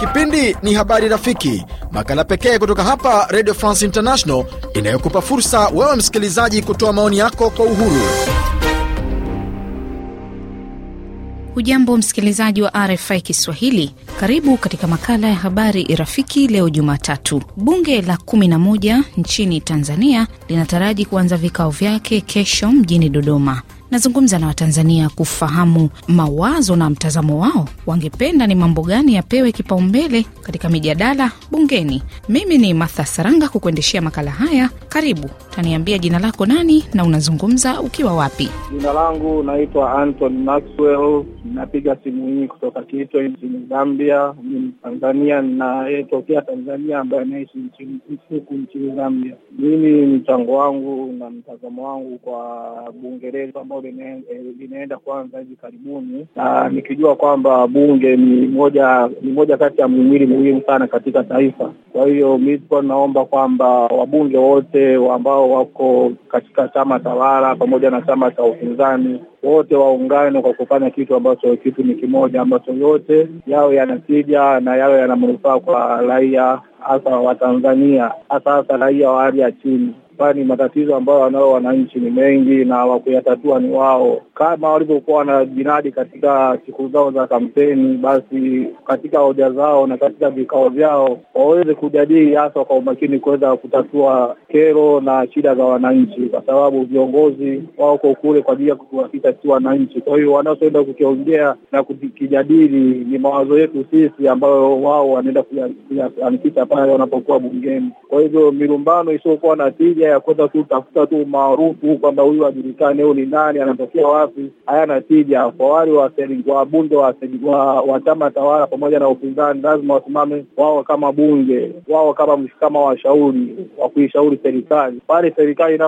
Kipindi ni Habari Rafiki, makala pekee kutoka hapa Radio France International inayokupa fursa wewe msikilizaji kutoa maoni yako kwa uhuru. ujambo msikilizaji wa RFI Kiswahili, karibu katika makala ya habari rafiki. Leo Jumatatu, bunge la 11 nchini Tanzania linataraji kuanza vikao vyake kesho mjini Dodoma. Nazungumza na Watanzania kufahamu mawazo na mtazamo wao, wangependa ni mambo gani yapewe kipaumbele katika mijadala bungeni. Mimi ni matha Saranga kukuendeshea makala haya. Karibu, taniambia jina lako nani na unazungumza ukiwa wapi? Jina langu naitwa Anton Maxwell, napiga simu hii kutoka Kitwe nchini Zambia. Ni Mtanzania ninayetokea Tanzania ambaye anaishi huku nchini Zambia. Mimi mchango wangu na mtazamo wangu kwa bunge letu ambao ambalo eh, linaenda kwanza hivi karibuni, na nikijua kwamba bunge ni moja ni moja kati ya mhimili muhimu sana katika taifa. Kwa hiyo mi tulikuwa tunaomba kwamba wabunge wote ambao wako katika chama tawala pamoja na chama cha upinzani wote waungane kwa kufanya kitu ambacho kitu ni kimoja, ambacho yote yawe yanatija na yawe yana manufaa kwa raia hasa wa Tanzania, hasa hasa raia wa hali ya chini kwani matatizo ambayo wanao wananchi ni mengi na wakuyatatua ni wao. Kama walivyokuwa jinadi katika siku zao za kampeni, basi katika hoja zao na katika vikao vyao waweze kujadili hasa kwa umakini kuweza kutatua kero na shida za wananchi, kwa sababu viongozi wako kule kwa ajili ya kutuwakilisha si wananchi. Kwa hiyo wanachoenda kukiongea na kukijadili ni mawazo yetu sisi, ambayo wao wanaenda kuyaanikisha pale wanapokuwa bungeni. Kwa hivyo mirumbano isiyokuwa na tija badala ya kwenda kutafuta tu umaarufu kwamba huyu ajulikane, huyu ni nani, anatokea wapi, hayana tija. Kwa wale wabunge wa chama tawala pamoja na upinzani, lazima wasimame wao kama bunge, wao kama kama washauri wa kuishauri serikali. Pale serikali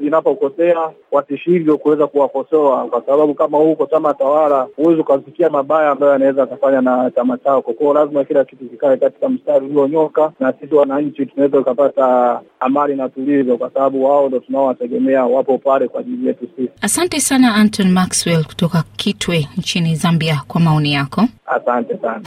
inapokosea, watishindwe kuweza kuwakosoa, kwa sababu kama huko chama tawala huwezi ukasikia mabaya ambayo anaweza akafanya na chama chako. Kwao lazima kila kitu kikae katika mstari ulionyoka, na sisi wananchi tunaweza ukapata amani na tulizo kwa sababu wao ndo tunaowategemea, wapo pale kwa ajili yetu sisi. Asante sana Anton Maxwell kutoka Kitwe nchini Zambia kwa maoni yako. Asante sana.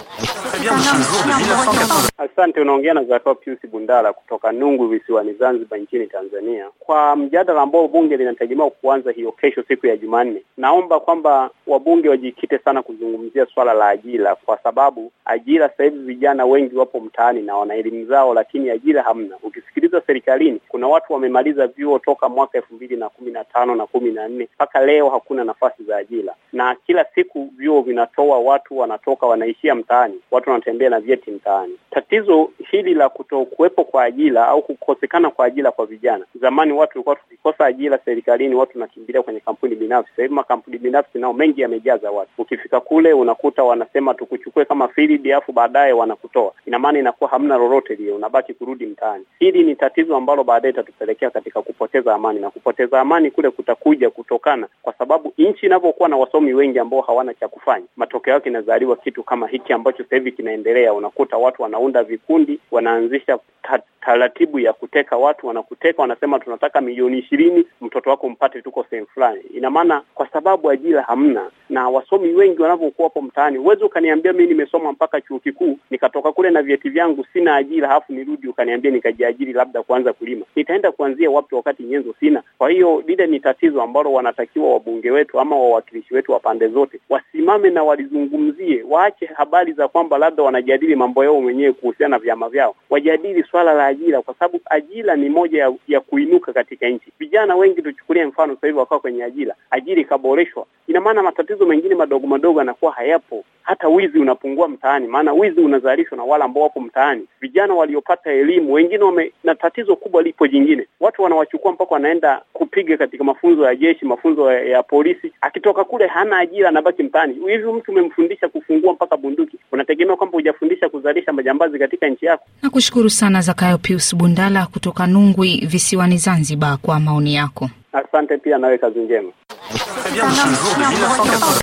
Asante. Unaongea na Zakao Pius Bundala kutoka Nungu visiwani Zanzibar nchini Tanzania, kwa mjadala ambao bunge linategemewa kuanza hiyo kesho, siku ya Jumanne. Naomba kwamba wabunge wajikite sana kuzungumzia swala la ajira, kwa sababu ajira sasa hivi vijana wengi wapo mtaani na wana elimu zao, lakini ajira hamna. Ukisikiliza serikalini, kuna watu wamemaliza vyuo toka mwaka elfu mbili na kumi na tano na kumi na nne mpaka leo hakuna nafasi za ajira na kila siku vyuo vinatoa watu wanatoka wanaishia mtaani, watu wanatembea na vyeti mtaani. Tatizo hili la kutokuwepo kwa ajira au kukosekana kwa ajira kwa vijana, zamani watu walikuwa tukikosa ajira serikalini, watu wanakimbilia kwenye kampuni binafsi. Sasa hivi makampuni binafsi nao mengi yamejaza watu, ukifika kule unakuta wanasema tukuchukue kama field, alafu baadaye wanakutoa. Ina maana inakuwa hamna lolote lile, unabaki kurudi mtaani. Hili ni tatizo ambalo baadaye itatupelekea katika kupoteza amani, na kupoteza amani kule kutakuja kutokana kwa sababu nchi inavyokuwa na wasomi wasomi wengi ambao hawana cha kufanya. Matokeo yake inazaliwa kitu kama hiki ambacho sasa hivi kinaendelea. Unakuta watu wanaunda vikundi, wanaanzisha taratibu ya kuteka watu, wanakuteka, wanasema tunataka milioni ishirini, mtoto wako mpate, tuko sehemu fulani. Ina maana kwa sababu ajira hamna, na wasomi wengi wanavyokuwa hapo mtaani, huwezi ukaniambia mi nimesoma mpaka chuo kikuu nikatoka kule na vyeti vyangu sina ajira, halafu nirudi ukaniambia nikajiajiri labda kuanza kulima, nitaenda kuanzia wapi wakati nyenzo sina? Kwa hiyo lile ni tatizo ambalo wanatakiwa wabunge wetu ama wawakilishi wetu watu wa pande zote wasimame na walizungumzie, waache habari za kwamba labda wanajadili mambo yao wenyewe kuhusiana na vyama vyao, wajadili swala la ajira, kwa sababu ajira ni moja ya, ya kuinuka katika nchi. Vijana wengi tuchukulie mfano sasa hivi wakawa kwenye ajira, ajira ikaboreshwa, ina maana matatizo mengine madogo madogo yanakuwa hayapo, hata wizi unapungua mtaani, maana wizi unazalishwa na wale ambao wapo mtaani. Vijana waliopata elimu wengine wame, na tatizo kubwa lipo jingine, watu wanawachukua mpaka wanaenda kupiga katika mafunzo ya jeshi, mafunzo ya, ya polisi, akitoka kule ha hana ajira, anabaki mtaani. Hivyo mtu umemfundisha kufungua mpaka bunduki, unategemea kwamba hujafundisha kuzalisha majambazi katika nchi yako? Nakushukuru sana Zakayo Pius Bundala kutoka Nungwi visiwani Zanzibar kwa maoni yako. Asante pia, nawe kazi njema.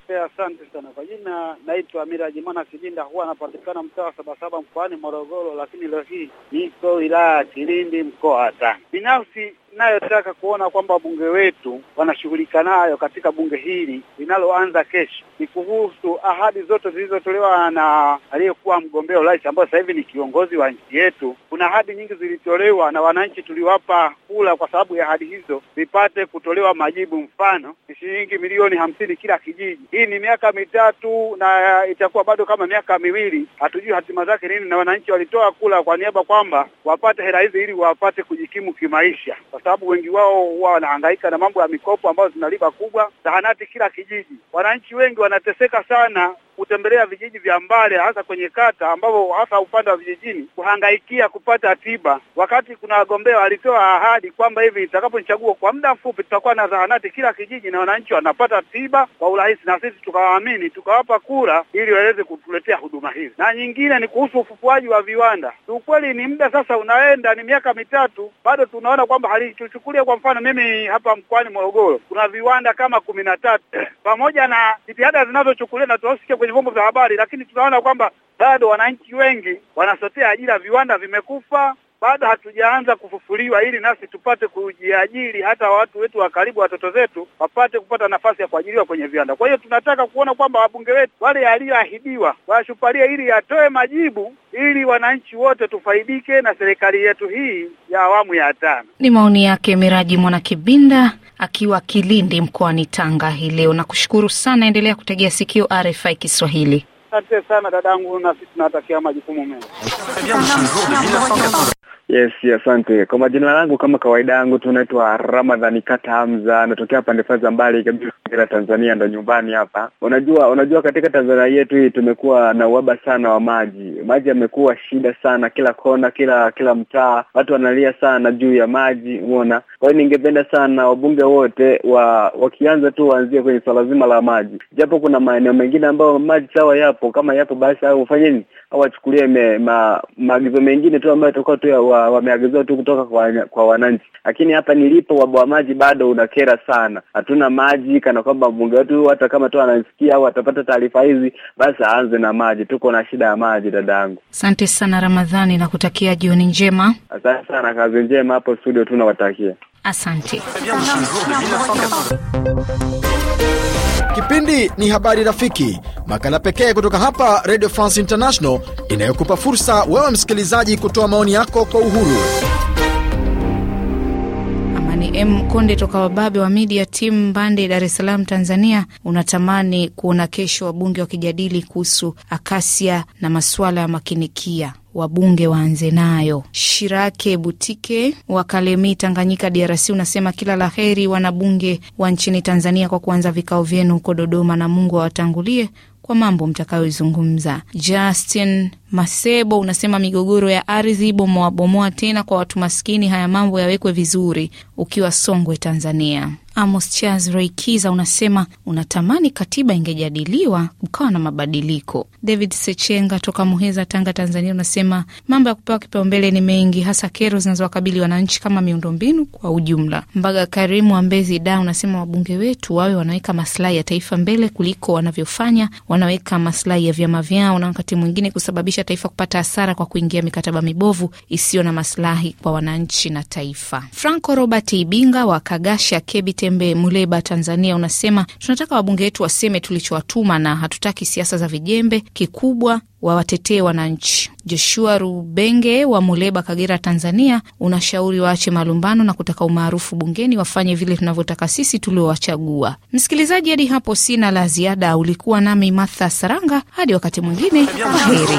Asante sana kwa jina, naitwa Miraji Mwana Kijinda, huwa anapatikana mtaa wa Sabasaba mkoani Morogoro, lakini leo hii niko wilaya ya Kilindi mkoa wa Tanga. Binafsi nayotaka kuona kwamba wabunge wetu wanashughulika nayo katika bunge hili linaloanza kesho ni kuhusu ahadi zote zilizotolewa na aliyekuwa mgombea urais ambaye sasa hivi ni kiongozi wa nchi yetu. Kuna ahadi nyingi zilitolewa na wananchi tuliwapa kula kwa sababu ya ahadi hizo zipate kutolewa majibu, mfano ishirini shilingi milioni hamsini kila kijiji. Hii ni miaka mitatu na itakuwa bado kama miaka miwili, hatujui hatima zake nini, na wananchi walitoa kula kwa niaba kwamba wapate hela hizi ili wapate kujikimu kimaisha, kwa sababu wengi wao huwa wanahangaika na mambo ya mikopo ambazo zina riba kubwa. Zahanati kila kijiji, wananchi wengi wanateseka sana kutembelea vijiji vya Mbale, hasa kwenye kata ambapo hasa upande wa vijijini kuhangaikia kupata tiba, wakati kuna wagombea walitoa ahadi kwamba hivi itakaponichagua kwa muda mfupi tutakuwa na zahanati kila kijiji na wananchi wanapata tiba kwa urahisi, na sisi tukawaamini tukawapa kura ili waweze kutuletea huduma hizi. Na nyingine ni kuhusu ufufuaji wa viwanda. Kiukweli ni muda sasa unaenda, ni miaka mitatu, bado tunaona kwamba halichuchukulia. Kwa mfano mimi hapa mkoani Morogoro kuna viwanda kama kumi na tatu pamoja na jitihada zinazochukuliwa na tunasikia kwenye vyombo vya habari, lakini tunaona kwamba bado wananchi wengi wanasotea ajira, viwanda vimekufa, bado hatujaanza kufufuliwa, ili nasi tupate kujiajiri, hata watu wetu wa karibu, watoto zetu wapate kupata nafasi ya kuajiriwa kwenye viwanda. Kwa hiyo tunataka kuona kwamba wabunge wetu wale yaliyoahidiwa washupalie, ili yatoe majibu, ili wananchi wote tufaidike na serikali yetu hii ya awamu ya tano. Ni maoni yake Miraji Mwanakibinda akiwa Kilindi mkoani Tanga hii leo. Nakushukuru sana, endelea kutegea sikio RFI Kiswahili. Asante sana dadangu, na sisi tunatakia majukumu mema. Yes, asante yes, kwa majina langu kama kawaida yangu tunaitwa Ramadhani Kata Hamza, natokea pande faa za mbali kabisa Tanzania, ndo nyumbani hapa. Unajua, unajua katika Tanzania yetu hii tumekuwa na uhaba sana wa maji. Maji yamekuwa shida sana, kila kona, kila kila mtaa, watu wanalia sana juu ya maji, umeona. Kwa hiyo ningependa sana wabunge wote wa wakianza tu waanzie kwenye swala zima la maji, japo kuna maeneo mengine ambayo maji sawa yapo, kama yapo basi au ufanyeni au wachukulie maagizo mengine tu ambayo itakuwa tu ya wameagiziwa tu kutoka kwa, kwa wananchi. Lakini hapa nilipo waba wa maji bado unakera sana, hatuna maji, kana kwamba mbunge wetu hata kama tu anasikia au atapata taarifa hizi, basi aanze na maji. Tuko na shida ya maji, dada yangu. Asante sana Ramadhani, nakutakia jioni njema. Asante sana, kazi njema hapo studio tunawatakia. Asante. Kipindi ni Habari Rafiki, makala pekee kutoka hapa Radio France International inayokupa fursa wewe msikilizaji kutoa maoni yako kwa uhuru. amani M Konde toka Wababe wa Media Team Mbande, Dar es Salaam, Tanzania. Unatamani kuona kesho wabunge wakijadili kuhusu akasia na masuala ya makinikia wabunge waanze nayo. Shirake Butike wa Kalemi, Tanganyika, DRC, unasema kila la heri wanabunge wa nchini Tanzania kwa kuanza vikao vyenu huko Dodoma, na Mungu awatangulie kwa mambo mtakayoizungumza. Justin Masebo unasema migogoro ya ardhi bomoabomoa tena kwa watu maskini, haya mambo yawekwe vizuri. Ukiwa Songwe, Tanzania. Amos Charles Reikiza unasema unatamani katiba ingejadiliwa ukawa na mabadiliko. David Sechenga toka Muheza, Tanga, Tanzania unasema mambo ya kupewa kipaumbele ni mengi, hasa kero zinazowakabili wananchi kama miundombinu kwa ujumla. Mbaga Karimu wa Mbezi Da unasema wabunge wetu wawe wanaweka masilahi ya taifa mbele kuliko wanavyofanya, wanaweka masilahi ya vyama vyao na wakati mwingine kusababisha taifa kupata hasara kwa kuingia mikataba mibovu isiyo na masilahi kwa wananchi na taifa. Franco Robert Ibinga wa Kagasha Kebite Chembe Muleba, Tanzania, unasema tunataka wabunge wetu waseme tulichowatuma na hatutaki siasa za vijembe, kikubwa wawatetee wananchi. Joshua Rubenge wa Muleba, Kagera, Tanzania, unashauri waache malumbano na kutaka umaarufu bungeni, wafanye vile tunavyotaka sisi tuliowachagua. Msikilizaji, hadi hapo sina la ziada. Ulikuwa nami Martha Saranga, hadi wakati mwingine, waheri